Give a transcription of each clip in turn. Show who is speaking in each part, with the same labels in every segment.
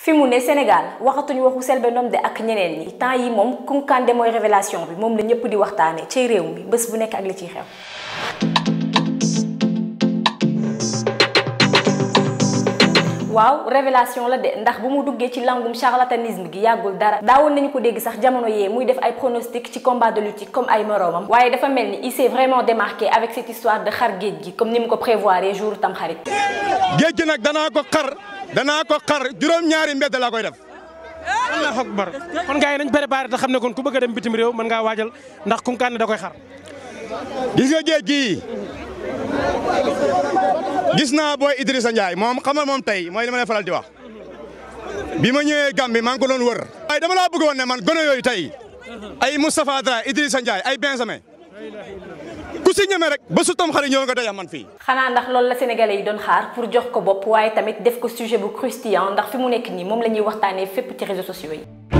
Speaker 1: fi mu Sénégal waxatuñu waxu selbe nom de ak ñeneen ñi temps yi mom Kounkandé moy révélation bi mom la ñëpp di waxtaane ci réew mi bés bu nekk ak li ci xew waaw révélation la de ndax bu mu duggee ci langum charlatanisme gi yàggul dara daawoon nañu ko dégg sax jamono yee muy def ay pronostics ci combat de lutte comme ay moroomam waaye dafa mel ni il s'est vraiment démarqué avec cette histoire de xar géej gi comme ni mu ko jour tam xarit
Speaker 2: géej gi nag danaa ko xar dana ko xar juróom-ñaari mbedd la koy def. allahu akbar kon gaay yi nañ préparé te xam kon ku bëgg dem bitim rew man nga waajal ndax kan da koy xar. gis nga geej gi gis na boy Idrissa ndjay mom xamal mom tay moy li lay faral di wax bi ma ñëwee Gambie maa ngi ko doon wër. ay dama la bëgg woon ne man gëna yoy tay ay Moustapha Dra Idrissa ndjay ay Benjamin bu si ñeme rek ba su tam xarit ñoo nga doy man fi
Speaker 1: xana ndax loolu la sénégalais yi doon xaar pour jox ko bop waye tamit def ko sujet bu croustillant ndax fi mu nekk ni mom lañuy ñuy waxtaanee fépp ci réseaux sociaux yi.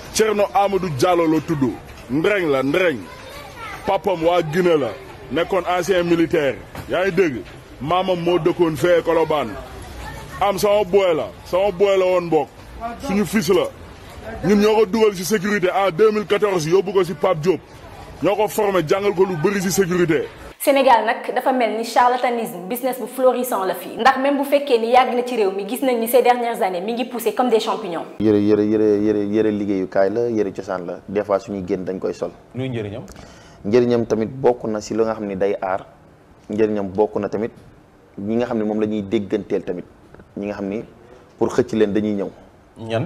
Speaker 2: no Amadou Diallo la tudd ndreñ la ndreñ papam waa Guinée la nekkoon ancien militaire yaa ngi dégg maamam moo dëkkoon fee Colobane am sama boy la sama boy la woon mbokk suñu fils la ñun ñoo ko dugal ci sécurité en 2014 yóbbu ko ci Pape Diop ñoo ko formé jàngal ko lu bëri ci
Speaker 1: Sénégal nak dafa melni ni charlatanisme business bu florissant la fi ndax même bu fekké ni yàgg na ci réew mi gis nañ ni ces dernières années mi ngi pousser comme des champignons.
Speaker 2: yéré yéré yéré yéré ligéyu kay la yéré cosaan la des fois suñuy génn dañ koy sol. nuy njëriñam. njëriñam tamit bokku na ci lu nga xamni day ar njëriñam bokku na tamit ñi nga xamni mom lañuy la tamit ñi nga xamni ni pour xëcc leen dañuy ñëw. ñan.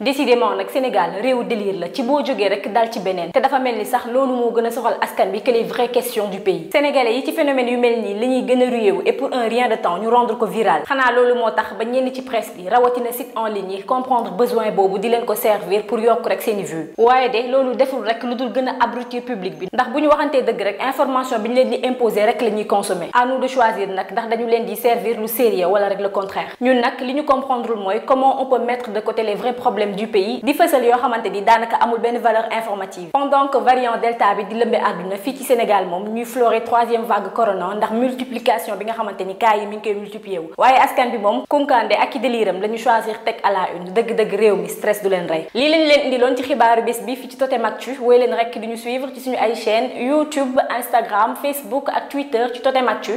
Speaker 1: décidément nak Sénégal réewu délire la ci boo jógee rek dal ci beneen te dafa mel ni sax loolu moo gën soxal askan bi que les vraies questions du pays sénégalais yi ci phénomène yu mel nii la et pour un rien de temps ñu rendre que viral xanaa loolu moo tax ba ñenn ci presse bi rawatina site en ligne comprendre besoin et di leen ko servir pour y rek seeni vue waaye de loolu deful rek lu dul gën a abrutir public bi ndax bu ñu waxantee rek information bi ñu di imposer rek consommer à nous de choisir nak ndax dañu leen di servir lu sérieux wala rek le contraire ñun nak li ñu le mooy comment on peut mettre de côté les vrais problèmes problèmes du pays di fësal yoo xamante ni daanaka amul benn valeur informative pendant que variant delta bi di lëmbee àdduna fii ci Sénégal moom ñuy floré troisième vague corona ndax multiplication bi nga xamante ni cas yi mi ngi koy multiplier wu waaye askan bi moom kunkande ak i déliram la ñu choisir teg à la une dëgg-dëgg réew mi stress du leen rey lii lañ leen indiloon ci xibaaru bés bi fii ci Totem Actu wooy leen rek di ñu suivre ci suñu ay chaîne YouTube Instagram Facebook ak Twitter ci Totem Actu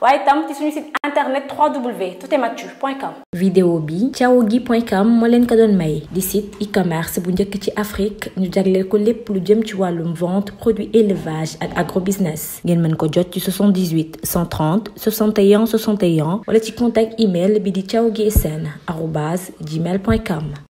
Speaker 1: waaye tam ci suñu site internet www.toutestmature.com. vidéo bi thiaogi.com moo leen ko may di site e-commerce bu ñëk ci Afrique ñu jagleel ko lépp lu jëm ci walum vente produits élevage ak agrobusiness ngeen mën ko jot ci 78 130 61 61 wala ci contact email bi di thiaogisn gmail.com.